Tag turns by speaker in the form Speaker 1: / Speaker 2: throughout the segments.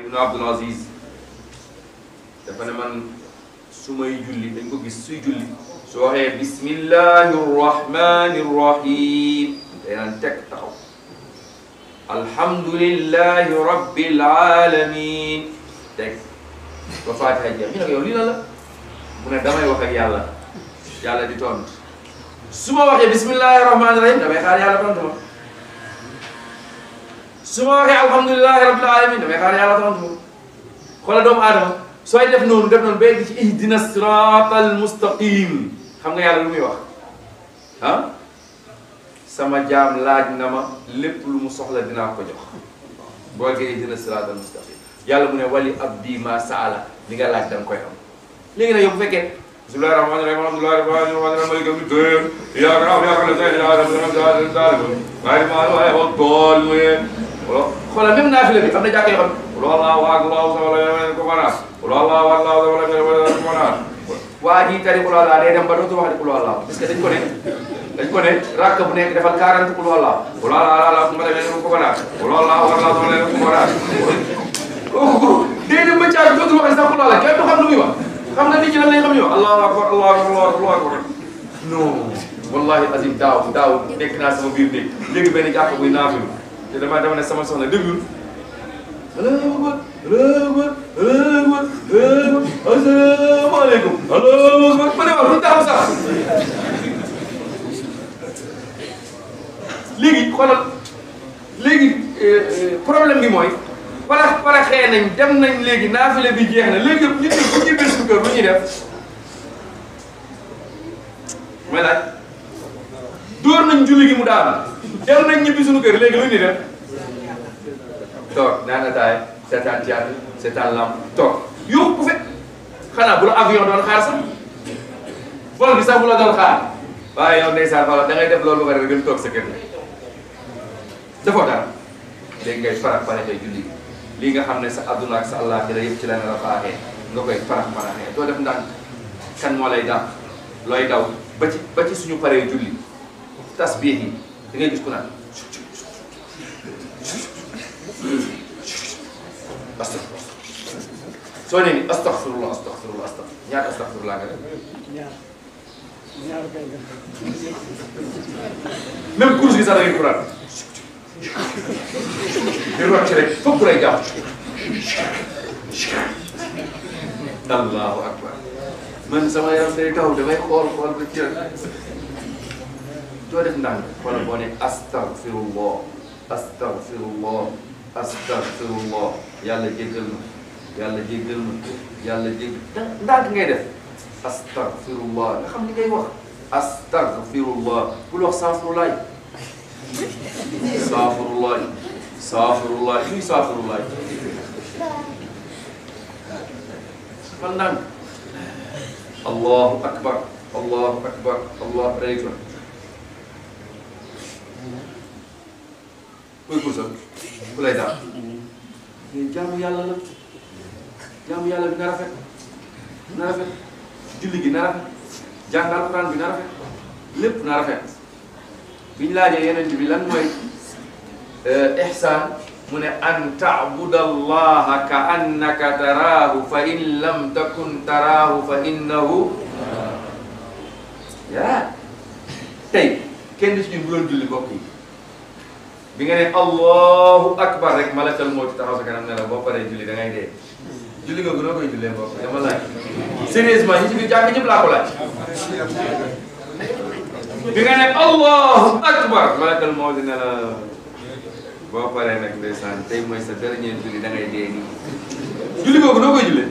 Speaker 1: ibnu abdul aziz dafa ne man su may julli dañ ko gis suy julli su waxee bismillahi rrahmani rrahim day naan teg taxaw alhamdulillahi rabbil alamin teg ba faatiha jeex ñu ne yow lii la la mu di tontu su ma waxee bismillahi rahmani rahim damay xaar yàlla tontu su ma waxee alhamdulilahi rabbil alamin damay xaar yàlla tontu ma xoolal def noonu def noonu ba yegg ci ihdina siratal mustaqim xam yàlla lu muy wax ah jaam laaj na ma lépp lu mu soxla dinaa ko jox boo yeggee ihdina siratal mustaqim yàlla mu ne wali abdi ma saala li nga laaj da ko koy am léegi nag yow bu fekkee bismillahi rahmani xoolal même naafila bi am na jàkk yoo xam ne loolu laa waag laaw sama la ko mën a loolu laa waag laaw sama la ko mën a waa ji tari ku laa day dem ba dootu wax di ku laa parce que dañ ko ne dañ ko ne rakk bu nekk defal 40 ku laa ku laa laa laa ma demee ko mën a loolu laa waag laaw sama la ko mën a kooku day dem ba caag dootu wax sax ku laa kenn du xam lu muy wax xam nga nit ñi lan lañ xam ñu wax allahu akbar allahu akbar allahu akbar non wallahi azim daaw daaw nekk naa sama biir néeg léegi benn jàkk buy naafilu te damaa dama ne sama soxna déglul allahu akbar allahu akbar allahu akbar asalaamaaleykum allahu akbar ma ne wax lu taxaw sax léegi xoolal léegi euh, problème bi mooy para para xee nañ dem nañ léegi naafile bi jeex na léegi nit ñi bu ñuy bés bu kër bu ñuy def may laaj dóor nañ julli gi mu daanu dellu nañ ñibbi suñu kër léegi lu ñu def toog naan ataay seetaan théâtre seetaan lamb toog yow bu fekk xanaa bu la avion doon xaar sax vol sax bu la doon xaar waaye yow ndeysaan fala da ngay def loolu ba pare toog sa kër la dafoo dara léegi ngay farax faraxee julli lii nga xam ne sa adduna ak sa àllaaxira yëpp ci la ne la faaxee nga koy farax faraxee doo def ndànk kan moo lay dàq looy daw ba ci ba ci suñu paree julli tasbiix yi da ngay gis ku naan astaxfirullah soo nee nii astaxfirullah astaxfirullah astaxfirullah ñaar astaxfirullah nga def même course bi sax da ngay kuraan di rocc rek foog lay jàpp allahu akbar man sama yaram day taw damay xool xool ba doo def ndànk wala boo ne astaghfirullah astaghfirullah astaghfirullah yàlla jéggal ma yàlla jéggal ma yàlla jéggal da ndànk ngay def astaghfirullah nga xam li ngay wax astaghfirullah bul wax saafurulaay saafurulaay saafurulaay luy saafurulaay man ndànk allahu akbar allahu akbar allahu akbar kuy puusal ku lay daal mais jaamu yàlla la jaamu yàlla bi na rafet na rafet julli gi na rafet jàng alxuraan bi na rafet lépp na rafet bi ñu laajee yeneen bi lan mooy euh, ihsaan mu ne an taabuda allaha ka annaka taraahu fa in lam takun taraahu fa innahu yaa tey kenn du si ñun bu doon julli mbokk yi bi nga ne allahu akbar rek malakal moo ci taxaw sa kanam ne la boo paree julli da ngay dee julli nga gën a koy jullee mbokk dama laaj sérieusement ñi ci biir jàkk ñëpp bi nga ne allahu akbar malakal moo di ne la boo paree nag ndeysaan tey mooy sa dernier julli da ngay dee nii julli googu noo koy jullee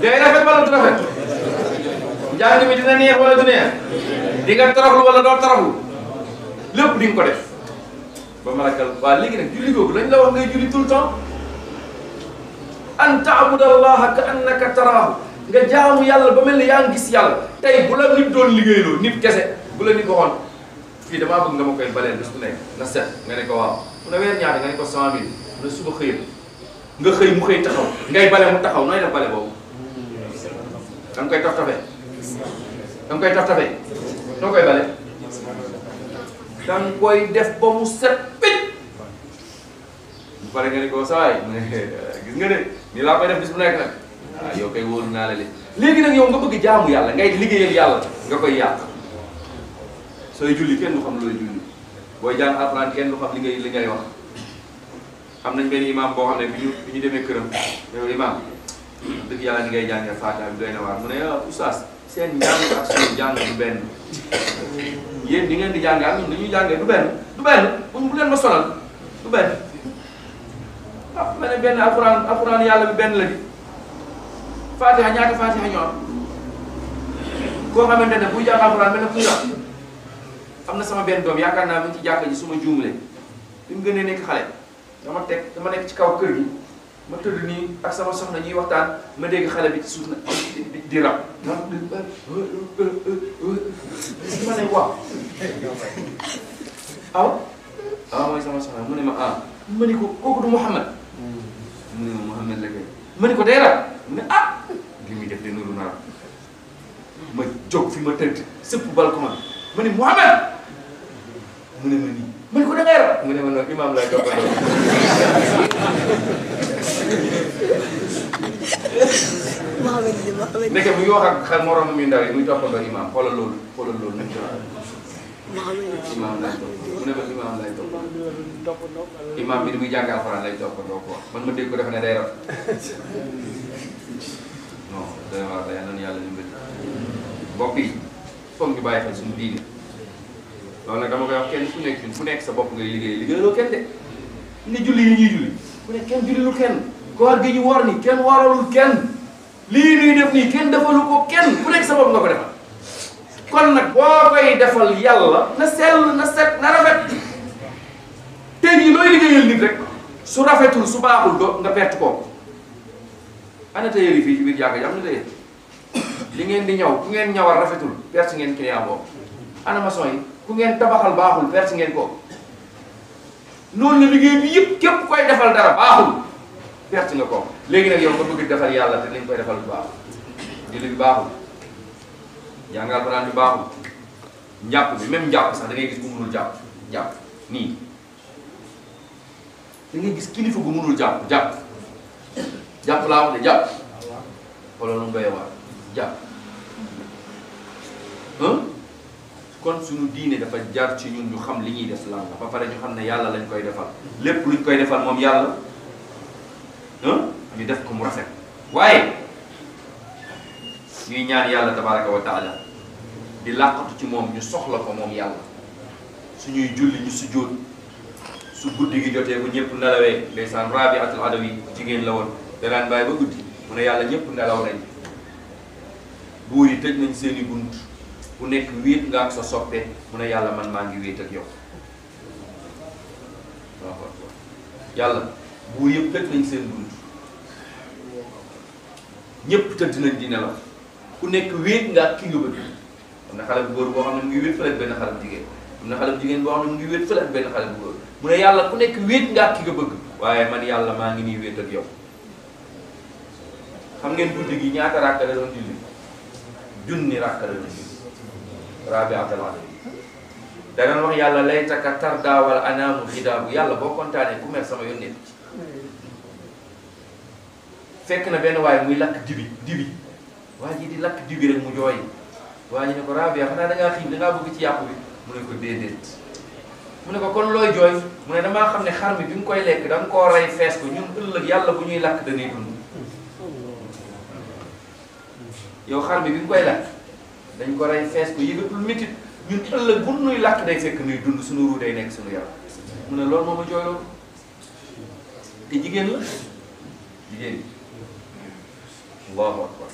Speaker 1: day rafet wala du rafet njàng mi dina neex wala du neex di nga toroxlu wala doo toroxlu lépp di ko def ba malakal waa léegi nag julli googu lañ la wax ngay julli tout le temps an taabud allaha ka annaka nga jaamu yàlla ba mel ni yaa ngi gis yàlla tey bu la nit doon liggéeyloo nit kese bu la nit waxoon fii damaa bëgg nga ma koy baleel bés nekk na set nga ne ko waaw mu ne weer ñaata nga ne ko cent mille mu ne suba xëyal nga xëy mu xëy taxaw ngay bale mu taxaw nooy def bale boobu da nga koy taf tafee da nga koy taf tafee noo koy bale da def ba mu set picc bu pare nga ni ko sawaay gis nga ni la laa koy def bis bu nekk nag waaw ah, yow kay wóoru naa la li léegi nag yow nga bëgg jaamu yàlla ngay liggéeyal yàlla nga koy yàq sooy julli kenn du xam looy julli booy jàng alxuraan kenn du xam li ngay li ngay wax am nañ benn imaam boo xam ne bi ñu bi ñu demee këram yow imaam dëgg yàlla ni ngay jàngee faatiha bi doy na waar mu ne ah seen njàng ak suñu jàng du benn yéen di ngeen di jàngal ñun dañuy jàngee du benn du benn bu leen ma sonal du benn ah ma ne benn alxuraan alxuraan yàlla bi benn la di faatiha ñaata faatiha ñoo koo xamante ne buy jàng alxuraan mel na buy am na sama benn doom yaakaar naa mu ci jàkka ji su ma juumlee bi mu gënee nekk xale dama teg dama nekk ci kaw kër bi ma tëdd nii ak sama soxna ñuy waxtaan ma dégg xale bi ci suuf na di rab ma ne waaw aw aw mooy sama soxna mu ne ma ah ma ne ko kooku du Mouhamed mu ne ma Mouhamed la kay ma ne ko day rab mu ne ah li muy def de nuru naa ma jóg fi ma tëdd sëpp balcon ma ne Mouhamed mu ne ma nii ma ne ko da ngay rab mu ne ma noonu imaam laay toppandoo ndeke bu ñu wax ak xel moroom yu ndaw yi muy toppandoo imaam xoolal loolu xoolal loolu nañ ko imaam lay topp mu ne ma imaam lay topp imaam bi di muy jàng alxuraan lay toppandoo ko man ma dégg ko def ne day rab non day war day nan yàlla ñu mbir mbokk yi foog ñu bàyyi xel suñu diine loolu nag dama koy wax kenn ku nekk ku nekk sa bopp ngay liggéey liggéeyaloo kenn de ni julli yi ñuy julli ku nekk kenn julli lu kenn koor gi ñu war ni kenn waralul kenn lii nuy def nii kenn defalu ko kenn ku nekk sa bopp nga ko defal kon nag boo koy defal yàlla na sell na set na rafet tey jii looy liggéeyal nit rek su rafetul su baaxul do nga perte kooku ana tëyër yi fii ci biir jàkka ji na tëyër li ngeen di ñaw ku ngeen ñawal rafetul perte ngeen client boobu ana maçon yi ku ngeen tabaxal baaxul perte ngeen kooku noonu la liggéey bi yëpp képp koy defal dara baaxul perte nga ko léegi nag yow nga bëgg defal yàlla te nañ koy defal bu baax julli bi baaxul jàngal Alxuraan bi baaxul njàpp bi même njàpp sax da ngay gis bu mënul jàpp jàpp nii da gis kilifa bu mënul jàpp jàpp jàpp laa wax de lu mu doyee waar jàpp kon suñu diine dafa jar ci ñun ñu xam li ñuy def lan la ba pare ñu xam ne yàlla lañ koy defal lépp luñ koy defal moom yàlla ñu def ko mu rafet waaye ñuy ñaan yàlla tabaraka wa taala di làqatu ci moom ñu soxla ko moom yàlla suñuy julli ñu sujjóot su guddi gi jotee bu ñëpp nelawee ndeysaan rabiatul adawi jigéen la woon danaan bàyyi ba guddi mu ne yàlla ñëpp nelaw nañ buur yi tëj nañ seeni bunt bu nekk wéet nga ak sa soppe mu ne yàlla man maa ngi wéet ak yow yàlla buur yëpp tëj nañ seen bunt ñépp tëdd nañ di nelaw ku nekk wéet nga ak ki nga bëgg am na xale bu góor boo xam ne mu ngi wéet fële ak benn xale bu jigéen am bu góor mu ne yàlla ku nekk wéet nga ak ki nga bëgg waaye man yàlla maa ngi nii wéet ak yow xam ngeen guddi gi ñaata ràkka la doon julli junni ràkka la doon julli rabi atalade danañ wax yàlla lay takka tardaawal anaamu xidaabu yàlla boo kontaanee ku mer sama yónnee fekk na benn waaye muy lakk dibi dibi waa ji di lakk dibi rek mu jooy waa ji ne ko Rabia xanaa da ngaa xiif bëgg ci yàpp bi mu ne ko déedéet mu ne ko kon looy jooy mu ne damaa xam ne xar mi bi nga koy lekk da ko koo rey fees ko ñun ëllëg yàlla bu ñuy lakk dañuy dund yow xar bi nga koy lakk dañ ko rey fees ko yëgatul métit ñun ëllëg bu nuy lakk day fekk nuy dund suñu ruu day nekk suñu yaram mu ne loolu moo ma jooyloo te jigéen la allahu akbar